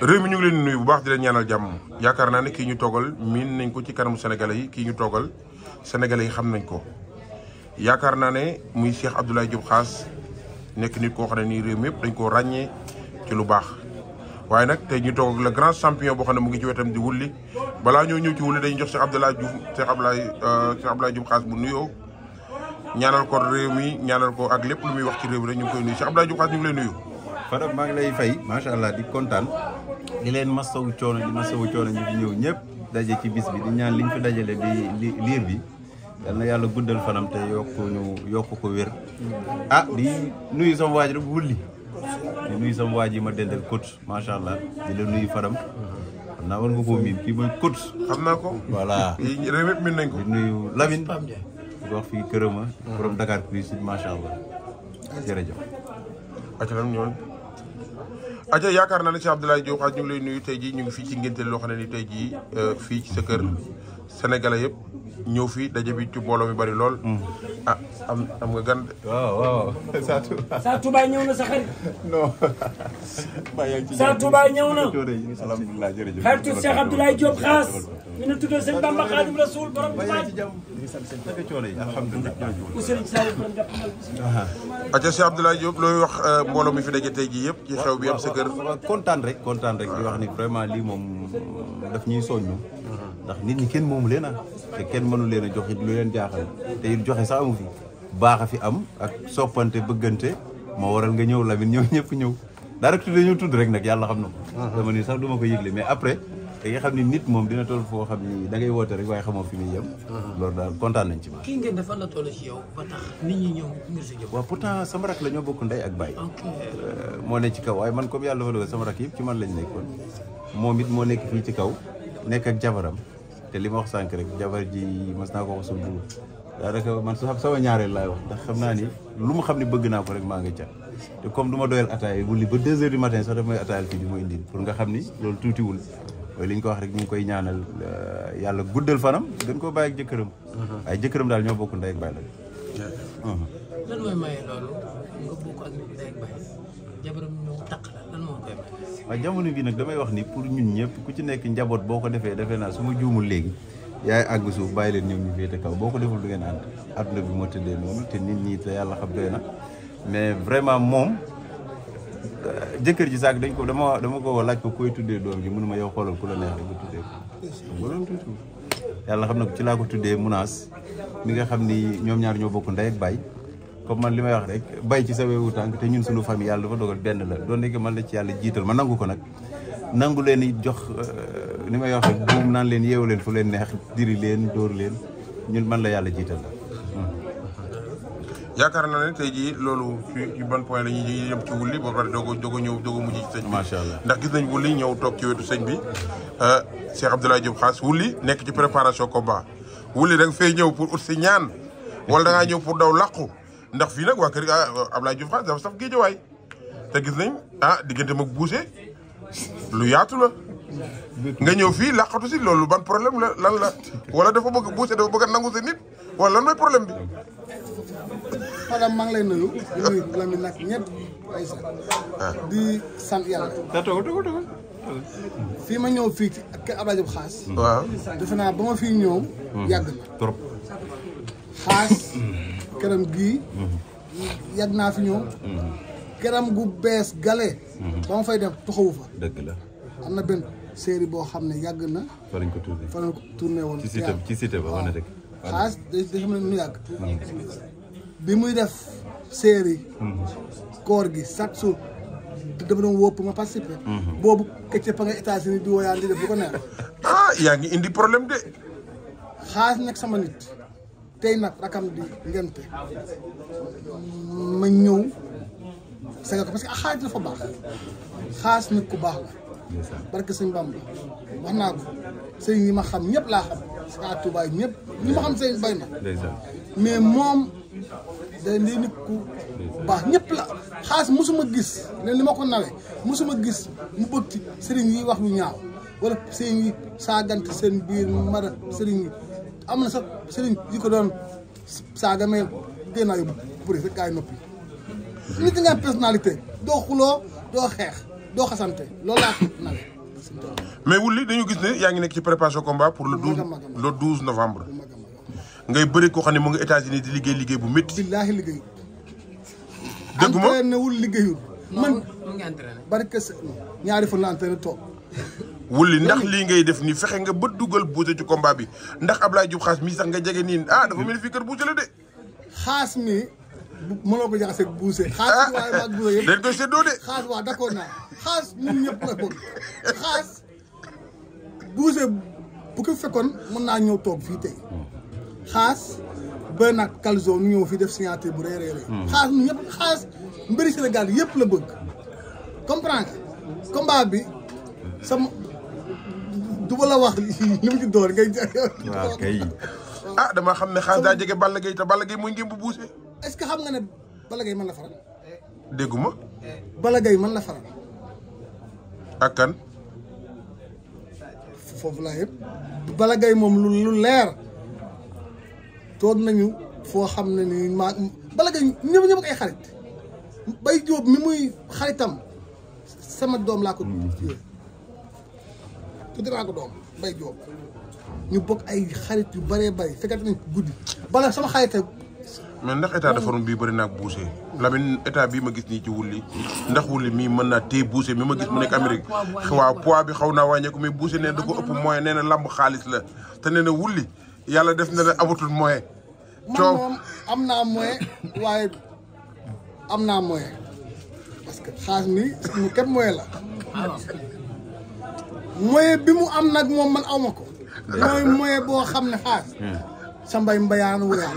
réew mi ñu ngi leen nuyu bu baax di leen ñaanal jàmm yaakaar naa ne kii ñu toogal miin nañ ko ci kanamu sénégalais yi kii ñu toogal sénégalais yi xam nañ ko. yaakaar naa ne muy Cheikh Abdoulaye Diop Khass nekk nit koo xam ne nii réew yëpp dañ koo ràññee ci lu baax waaye nag tey ñu toog ak le grand boo xam ne mu ngi ci wetam di wulli balaa ñoo ñëw ci wulli dañuy jox Cheikh Abdoulaye Diouf Cheikh Abdoulaye euh, Cheikh Abdoulaye Diop Khass bu nuyoo ñaanal ko réew mi ñaanal ko ak lépp lu muy wax ci réew mi rek ñu ngi koy nuyu ñu ngi lay nuyu Fadam maa ngi lay fay macha allah di kontaan di leen masawu coono di masawu coono ñu di ñëw ñëpp daje ci bis bi di ñaan liñ fi dajale di liir bi yal na yàlla guddal fanam te yokk ñu yokk ko wér. ah di nuyu sama waaj rek wulli di nuyu sama waaj yi ma dendal coach macha allah di la nuyu Fadam. xam naa war nga koo miin kii mooy coach. xam naa ko. voilà mi miin nañ ko. di nuyu Lamine di wax fii kërëma borom Dakar Plus macha allah jërëjëf. aja yaakaar na ne Cheikh Abdoulaye Diop xaaj ñu ngi lay nuyu tey jii ñu ngi fii ci ngénte loo xam ne ni tey jii euh, fii ci sa kër sénégalais yëpp ñëw fii daje bi ci mbooloo mi bari lool. Mm. ah am am nga gan. waaw waaw ñëw na xaritu Cheikh Abdoulaye Diop xaas. ñu ne tuddee Bamba Xaadim Rasul aca si Abdoulaye Diop looy wax euh, mbooloo mi fi daje tey jii yëpp ci xew bi am sa kër kontaan rek kontaan rek di wax ni vraiment lii moom euh, daf ñuy soññu ndax nit ñi kenn moomu leen a te kenn mënu leen a jox it lu leen jaaxal te it joxe sax amu fi baax a fi am ak sopante bëggante moo waral nga ñëw Lamine ñëw ñëpp ñëw daa rek tudd ñëw tudd rek nag yàlla xam na ko sax du ma ko yëgle mais après te nga xam ni nit moom dina toll foo xam ni da woote rek waaye xamoo fi muy yem. Uh-huh. loolu daal kontaan nañ ci ma. kii ngeen dafa la toll ci yow ba tax nit ñi ñëw musique waaw sama rak la bokk ndey ak baay. Euh, moo ne ci kaw man comme yàlla dafa dogal rak yëpp ci man lañ nekkoon moom it moo nekk ci kaw nekk ak jabaram te li ma wax sànq rek jabar ji mas naa ko wax suñu dugub daanaka man sama ñaareel laay wax ndax xam naa ni lu mu xam ni bëgg naa ko rek maa ngi ca te comme du ma doyal ataaya wulli ba deux heures du matin sax daf may ataayal fii di ma indil pour nga xam ni loolu tuutiwul mooy li ñu ko wax rek ñu ngi koy ñaanal euh, yàlla guddal fanam gën koo bàyyi ak jëkkëram. waaye mhm. jëkkëram daal ñoo bokk ndey ak baay mhm. la. lan mooy loolu nga jamono bi nag damay wax ni pour ñun ñëpp ku ci nekk njaboot boo ko defee defe naa su ma juumul léegi. yaay àgg suuf bàyyi leen ñoom ñu féete kaw boo ko deful duggee ngeen ànd adduna bi moo tëddee noonu te nit ñi te yàlla xam doy na mais vraiment moom. jëkkër ji saak dañ ko dama dama ko laaj ko koy tuddee doom ji mënuma yow xoolal ku la neex rek nga tuddee ko yàlla xam na ci laa ko tuddee munaas mi nga xam ni ñoom ñaar ñoo bokk ndey ak comme man li may wax rek bay ci sa wewu tànk te ñun suñu famille yàlla dafa dogal benn la doon nekk man la ci yàlla jiital ma nangu ko nag nangu leen i jox euh, li may wax rek buum naan leen yeewu leen fu leen neex diri leen dóor leen ñun man la yàlla jiital la yaakaar naa ne tey jii loolu ci ban point la ñuy yem ci wulli a doog a ñëw doog a mujj ci sëñ ndax gis nañ wulli ñëw toog ci wetu sëñ bi euh, Cheikh Abdoulaye Diop Khass wulli nekk ci préparation combat wulli da nga fay ñëw pour ut ñaan wala da ngaa pour daw làqu ndax fii nag waa kër euh, Abdoulaye Diop Khass dafa saf géejawaay te gis nañ ah diggante mag buuse lu yaatu la nga ñëw fii làqatu si loolu ban problème la lan la wala dafa bëgg buuse dafa bëgg a nangu sa nit wala lan mooy problème bi madame maa ngi lay nuyu di nuyu Lamine nag ñëpp ah. di sant yàlla. daa fii ma ñëw fii ci kër Abdoulaye xaas. waaw defe naa ba ma fi ñëw. Hmm. yàgg na xaas. Hmm. këram gii. Hmm. yàgg naa fi ñëw. kenam gu bees gale. ba ma fay dem taxawu fa. dëgg la am na benn série boo xam ne yàgg na. fa lañ ko tourné fa lañ woon. ci site ci site ba wane rek. xaas day xam ne nu yàgg. bi muy def série koor gi chaque jour te dama doon wópp ma participer mhm. boobu këcca pa nga États-Unis di wooyaan di def bu ko neex ah, yaa ngi indi problème de xaalis nag sama nit tey nag rakam di ngente ma ñëw sanga ko parce que xaalis dafa baax xaalis nit ku baax la sëñ Bamba wax naa ko sëñ yi ma xam ñëpp laa xam si Touba ñëpp ñi ma xam sëñ bay na mais moom day day nit ku baax ñëpp la xaas musuma gis né li ma ko nawee mosuma gis mu bëgg ci sëriñ yi wax lu ñaaw wala sëriñ yi sagant seen biir mara sëriñ yi am sax sëriñ yi ko doon saaga mais génnaaw yu pour rek gaa nopi noppi nit nga personnalité do xulo do xex do xasante loolu la ko nawee mais Wouly dañu gis né yaa ngi nekk ci préparation combat pour le 12 le 12 novembre ngay bëri koo xam ne mu ngi États-Unis di liggéey liggéey bu métti. billaahi liggéey. dëgg ma wul liggéeyul. man barke sa ñaari fan la entraîné toog. wulli ndax lii ngay def ni fexe nga ba dugal buuse ci combat bi ndax Ablaye Diouf xaas mi sax nga jege nii ah dafa mel ni fii kër buuse la de. xaas mi mënoo ko jaxaseeg buuse. Ah, xaas bi waaye maag buuse yëpp fekkoon mën naa ñëw toog fii tey. xaas ba nag Calzo nu ñëw fi def signature bu rëy rëy rëy hmm. xaas nu ñëpp xaas mbëri Sénégal yëpp la bëgg comprendre nga combat bi sama du ma la wax li mu ci door ngay waaw kay ah dama xam ne xaas daa jege Balla Gaye te Balla Gaye mooy ngeen bu buuse est-ce que xam nga ne Balla Gaye mën la faral dégguma Balla Gaye mën la faral ak kan foofu laa yëpp Balla Gaye moom lu lu leer toog nañu foo xam ne ni maa bala nga ñëpp ñëpp ay xarit bay jóob mi muy xaritam sama doom laa ko tudde mm-hmm. naa ko doom bay jóob ñu bokk ay xarit yu bëree bëri fekkati nañ guddi bala sama xarita mais ndax état de forme bii bëri naa ak la Lamine état bii ma gis nii ci wulli ndax wulli mii mën naa téye Boucher mi ma gis mu nekk Amérique waaw poids bi xaw naa wàññeeku mais Boucher nee na ko ëpp moyen nee na lamb xaalis la te nee na wulli yàlla def na la abutul moyen. coow amna moom am naa moyen waaye am moyen parce que xaas mi suñu kep moyen la. moyen bi mu am nak mom man awmako ko. mooy moyen boo xam ne sa mbay mbayaan wuyaan.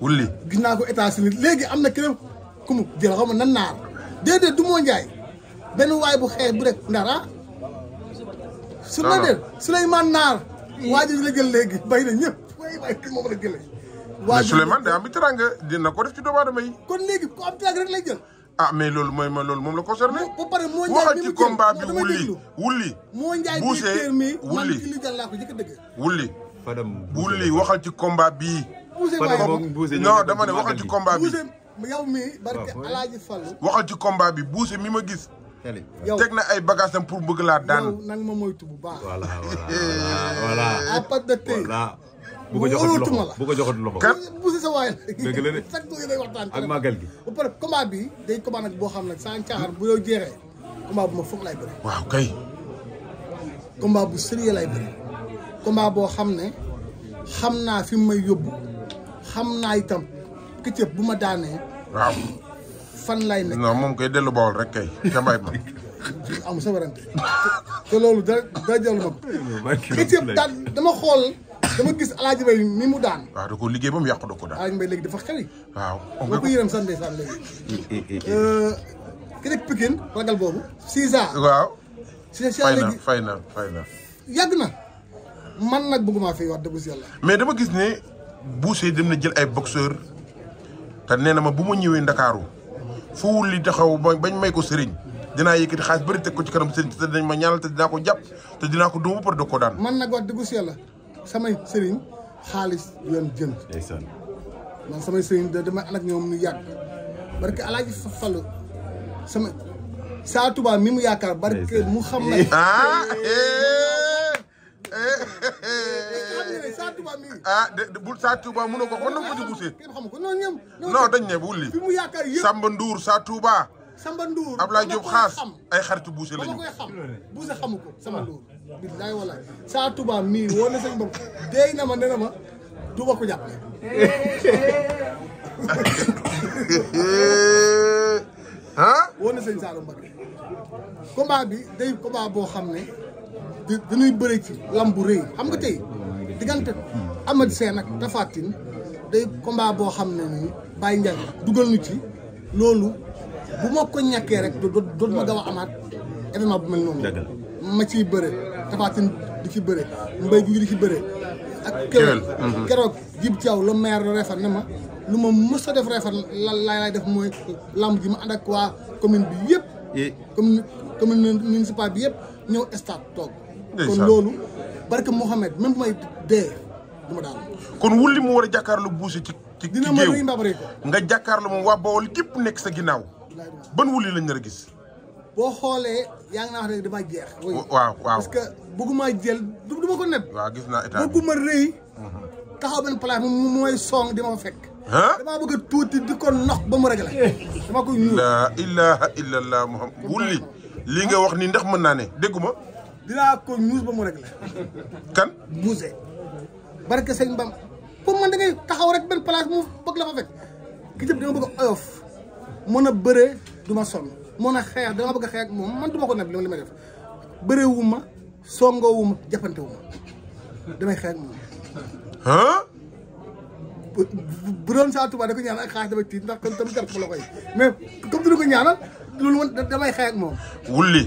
wulli gina ko États-Unis legui amna kene kumu ku mu jël xaw nan nar dede du mo njaay benn waay bu xex bu rek ndara su la de Souleymane Naar waajur la léegi bay na ñëpp way waay ki moom la jëlee waa Souleymane day am teraanga dina ko def ci doomu aadama yi kon léegi ku am teraanga rek lay jël ah mais loolu mooy ma loolu moom la concerné ba pare moo waxal bi wulli wulli moo njaay bi mi wulli li jël laa ko jëkk dëgg wulli fadam wulli waxal ci ci combat bi yow mi barke alaaji Fall waxal ci combat bi buuse mi ma gis yow teg na ay bagages am pour bëgg laa daan. yow na nga ma moytu bu baax. voilà voilà eh, à part de tey. bu ko joxoon loxo bu ko joxoon loxo. kan bu si sa waay la. dëgg la ak màggal gi. ba pare combat bi day combat boo xam ne sans caaxaan bu doo jeexee combat bu ma foog lay bëri. waaw boo xam ne xam naa fi mu may yóbbu xam naa itam këccëg bu ma daanee. fan laay nekk. non moom koy dellu Bawol rek kay ca mbay ma. amul sa te loolu dara dara jël ma ko. it daan dama xool dama gis Alaaji Mbay ni mu daan. waaw da koo liggéey ba mu yàqu da ko daan. Alaaji Mbay léegi dafa xëy. waaw on dirait ko yërëm sax ndeysaan eh, eh, eh, euh, ki nekk Pikine ragal boobu. Cisa fay na fay na yàgg na man nag bëgguma fi si yàlla. mais dama gis ne Boucher dem na jël ay boxeur te nee na ma bu ma ñëwee Ndakaaru. fu wul li taxaw bañ may ko sëriñ dinaa yëkkati xaalis bëri teg ko ci kanam sëriñ te dañ ma ñaanal te dinaa ko jàpp te dinaa ko dóomu par de ko daan man nag wax dëggu si yàlla samay sëriñ xaalis yoon jënd man samay sëriñ da damay ànd ak ñoom ñu yàgg barke alaaji Fallu sama saa Tuubaa mi mu yaakaar barke mu xam na ah de bu Sa Touba mënoo ko kon nag ko ci buuse. non dañ ne wulli. Samba Ndour Sa Touba. Samba Ndour Abdoulaye Diop xaas ay xaritu buuse la ñu. buuse xamu ko Samba Ndour. billahi wallahi Sa Touba mii woo na sëñ bopp dey na ma nee na ma Touba ko jàppale. ah. woo na sëñ Saalum Mbacké combat bi day combat boo xam ne. di dañuy bëri ci lamb bu rëy xam nga tey diggante Amady Sène ak Tapha Tine day combat boo xam ne nii Baye Ndiaye dugal ñu ci loolu bu ma ko ñàkkee rek do do ma gaaw a amaat événement bu mel noonu. ma ciy bëre Tapha di ci bëre mbay gi di ci bëre. ak kéwél mhm. keroog jib Thiaw la maire la refan ne ma lu ma mës a def refan la laay def mooy lamb ji ma ànd ak waa commune bi yëpp. commune commune municipal bi yëpp ñëw stade toog. kon loolu barke Mouhamed même bu may dee du ma daal kon wulli mu war a jàkkaarloo buuse ci ci dina ma nga jàkkaarloo moom waa Bawol képp nekk sa ginnaaw ban wulli lañ nar a gis boo xoolee yaa ngi dama jeex waaw waaw parce que bëgguma jël du ko neb waaw gis naa état bëgguma rëy mhm. taxaw benn place moom mooy song di ma fa fekk damaa bëgg tuuti di ko nox ba mu réglé dama koy ñuul Muhammad wulli lii nga wax nii ndax mën naa ne dégguma dina ko ñuus ba mo rek la kan bouse. barke sëñ Bam pour man da ngay taxaw rek ben place mu bëgg la fa fek ki jëm dama bëgg a oyof mën bëré duma son ma sonn mën a xeex dama bëgg a xeex moom man duma ko nab li ma def bëré wu songo songoo wu ma damay xeex moom. ah. bu doon saa tubaab da ko ñaan ak xaalis damay tiit ndax kon tam jar ko la koy mais comme du ko ñaanal lolu man damay xeex moom. wulli.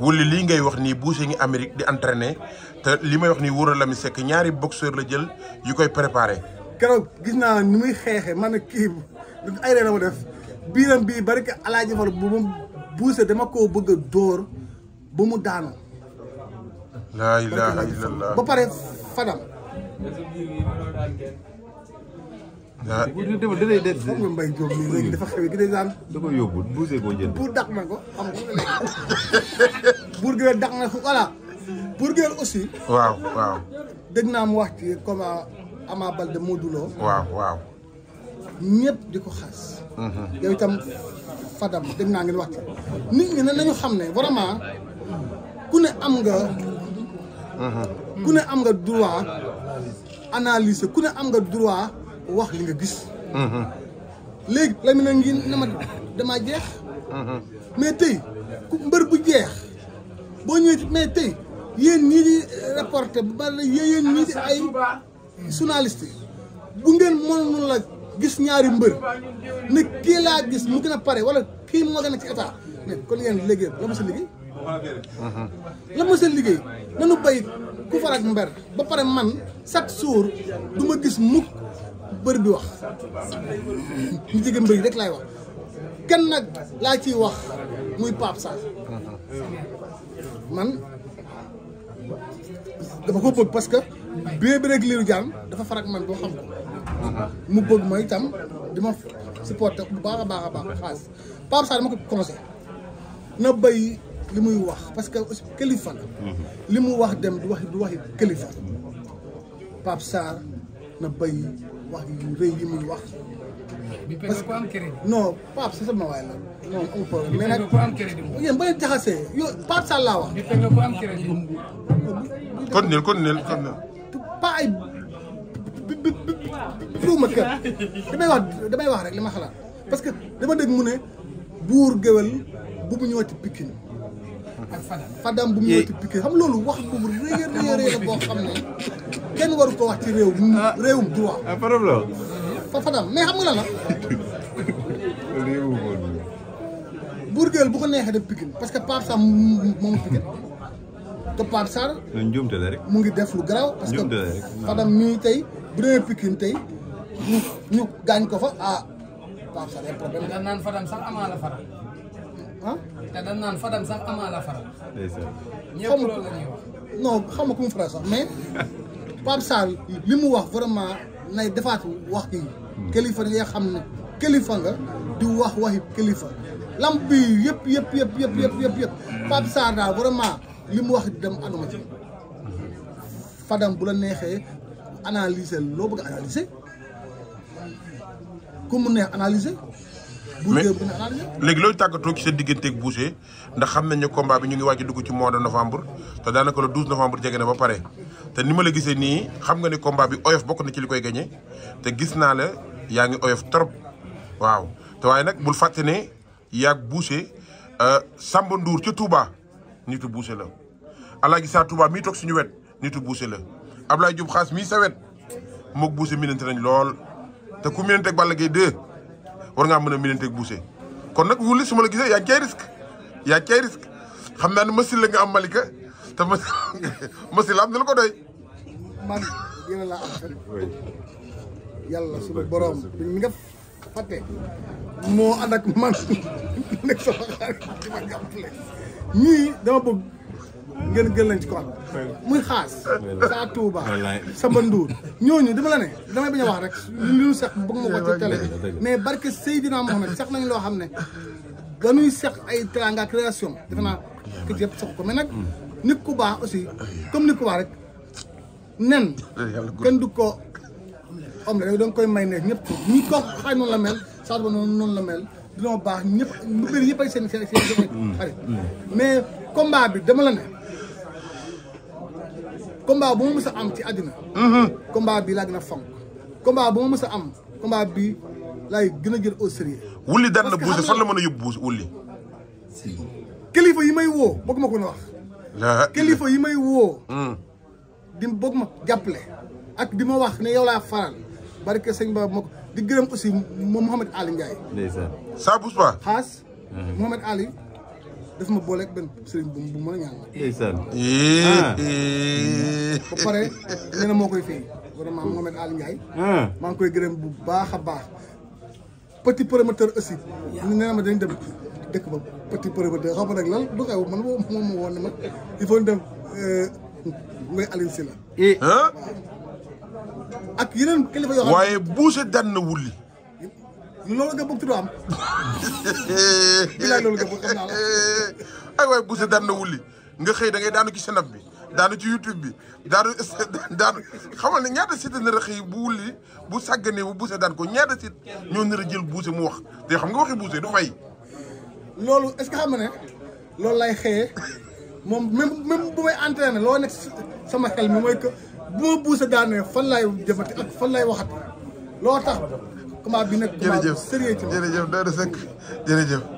wala lii ngay wax nii Boucher ngi amerique di entraîner te li may wax nii wóor la Lamine Seck ñaari boxeur la jël yu koy préparé. keroog gis naa ni muy xeexe man na kii ay ree la ma def biiram bii bari que Alaaji Fall bu ma dama koo bëgg a dóor ba mu daanu. laa ilaaha ba pare fadam ah bu ñu de. xam nga Mbaye Diop dafa xew gën a daan. da koy yóbbu buusee koo jënd. na ko xam nga léegi. buur gi dàq na ko voilà. buur gi aussi. waaw waaw. dégg naa mu wax ci comme Ama Baldé Modou Lo. waaw waaw. ñëpp di ko xaas. yow itam Fadam dégg naa ngi wax ci. nit ñi nañu xam ne vraiment ku ne am nga. ku ne am nga droit. analyser ku ne am nga droit. wax li nga gis. Mm-hmm. léegi la ngi ne ma damaa jeex. Mm-hmm. mais tey ku mbër bu jeex boo ñëwee mais tey yéen ñii di rapporté ba yéen ñii di ay journaliste bu ngeen mënoon la gis ñaari mbër ne kii laa gis mu gën a pare wala kii moo gën a ci état mais kon ngeen liggéey la ma sa liggéey. Mm-hmm. la liggéey nanu bay ku farak mber ba pare man chaque jour du gis mukk bëri bi wax ñi ci gën bëri rek laay wax kenn nag laa ciy wax muy Pape Sarr man dafa ko bëgg parce que bee bi rek liiru jaan dafa farak man boo xam ko mu bëgg ma itam di ma supporté bu baax a baax a baax xaalis Pape Sarr dama ko conseil na bay li muy wax parce que aussi kilifa la mhm. li mu wax dem du wax du waxi kilifa Pape Sarr na bay wax yu rëy yi muy wax. parce que non Pape c'est sama waay la non amul problème. mais nag ba leen jaxasee yow Pape Sall laa wax. kon nel kon nel kon nel. pas ay bi bi bi bi kër damay wax damay rek li ma xalaat parce que dama dégg mu ne buur géwél bu mu ñëwaat ci Pikine. bu mu ñëwaat ci xam loolu wax bu rëy a boo xam ne. kenn waru ko wax ci rew ah. rewum droit ah, problème fa fa dam mais xam nga la rewum burgel bu ko nexe def Pikine parce que Pape Sarr moom to te Pape ñu njuumte la rek mu ngi def lu graw parce que dam mi tay bu demee Pikine tay ñu ñu ko fa ah Pape Sarr y'a problème nan fa dam sax amaa la faral ah te dañ naan Fadam sax amaa la faral ñëpp loolu la ñuy wax non xam mu faral sax mais Pape Sarr li mu wax vraiment nay defaat wax bi kilifa nga xam ne kilifa nga di wax waxi kilifa lamp bi yëpp yëpp yëpp yëpp yëpp yëpp yëpp Pape Sarr daal vraiment li mu wax dem anduma ci fadam bu la neexee analyser loo bëgg analyser ku mu neex analyser mais léegi loolu tàggatoo ci sa digganteeg Boucher ndax xam nañ ne combat bi ñu ngi wàcc dugg ci mois de novembre te daanaka le 12 novembre jege na ba pare te ni ma la gisee nii xam nga ne combat bi oyof bokk na ci li koy gañe te gis naa la yaa ngi oyof trop waaw te waaye nag bul fàtte ne yaag Boucher euh, Samba Ndour ca Touba nitu Boucher la Alaaji Sa Touba mii toog suñu wet nitu Boucher la Ablaye Diop Xaas mii sa wet moog Boucher minante nañ lool te ku minante Balla Gaye war ngaa mën a miinanteeg Boucher kon nag wuli su ma la gisee yaa ngi cay risque xam naa ne machine la nga am Malika te machine la am na la ko doy. man yéen a la yàlla suñu borom mi nga fàtte moo ànd man nekk sama xarit dama bëgg. ngeen gën leen ci kon muy xaas sa Touba sama nduur ñooñu dama la ne damay bañ a wax rek li ñu seq bëgg ma ko ci télé mais barke Seydina Mohamed seq nañ loo xam ne ba nuy seq ay teranga création defe naa kër yëpp seq ko mais nag nit ku baax aussi comme nit ku baax rek nen kenn du ko om le da nga koy may ne ñëpp ñi ko xaaj noonu la mel saa ba noonu noonu la mel dina baax ñëpp mbir yëpp ay seen seen seen mm. xarit mais combat bi dama la ne combat bu ma mës a am ci àddina mm-hmm. combat bi laa gën a fonk combat bu ma mës a am combat bi laay gën a jël au sérieux wulli daan na buusi fan la mën a yóbbu buusi wulli kilifa yi may woo bëgg ma ko na wax kilifa yi may woo mm. di bëgg ma jàppale ak di ma wax ne yow laa faral barke sëñ ba ma ko di gërëm aussi moom Mouhamed Ali Ndiaye. ndeysaan ça bouge pas. xaas. Mhm. Mouhamed Ali daf ma booleeg benn sëriñ bu bu mën ñaan. ndeysaan. ba pare nee na moo koy fay vraiment Mouhamed Ali Ndiaye. Mhm. maa ngi koy gërëm bu baax a baax. petit promoteur aussi. nee na ma dañ dem dëkk ba petit promoteur xaw ma nag lan du xew man moom moo ma woon ne ma il faut dem euh, ngay Aline Sylla. Eh. ak yeneen kilifa yoo xam waaye Boucher daan na wulli. loolu nga bëgg tudd am. bilaay loolu nga bëgg xam naa ay waaye Boucher daan na wulli nga xëy da ngay daanu ci sanab bi daanu ci YouTube bi daanu daanu xamal ne ñaata site nar a xëy bu wulli bu sàgganee bu daan ko ñaata site ñoo nar a jël Boucher mu wax te xam nga waxi Boucher du fay. loolu est-ce que xam ne loolu lay xëyee moom même même bu may entraîné loo nekk sama xel mi mooy que. bu ma buusa daanee fan laay jëfati ak fan laay waxati loo tax comment bi nag. jërëjëf comment sérieux ci ma jërëjëf doy na sëkk jërëjëf.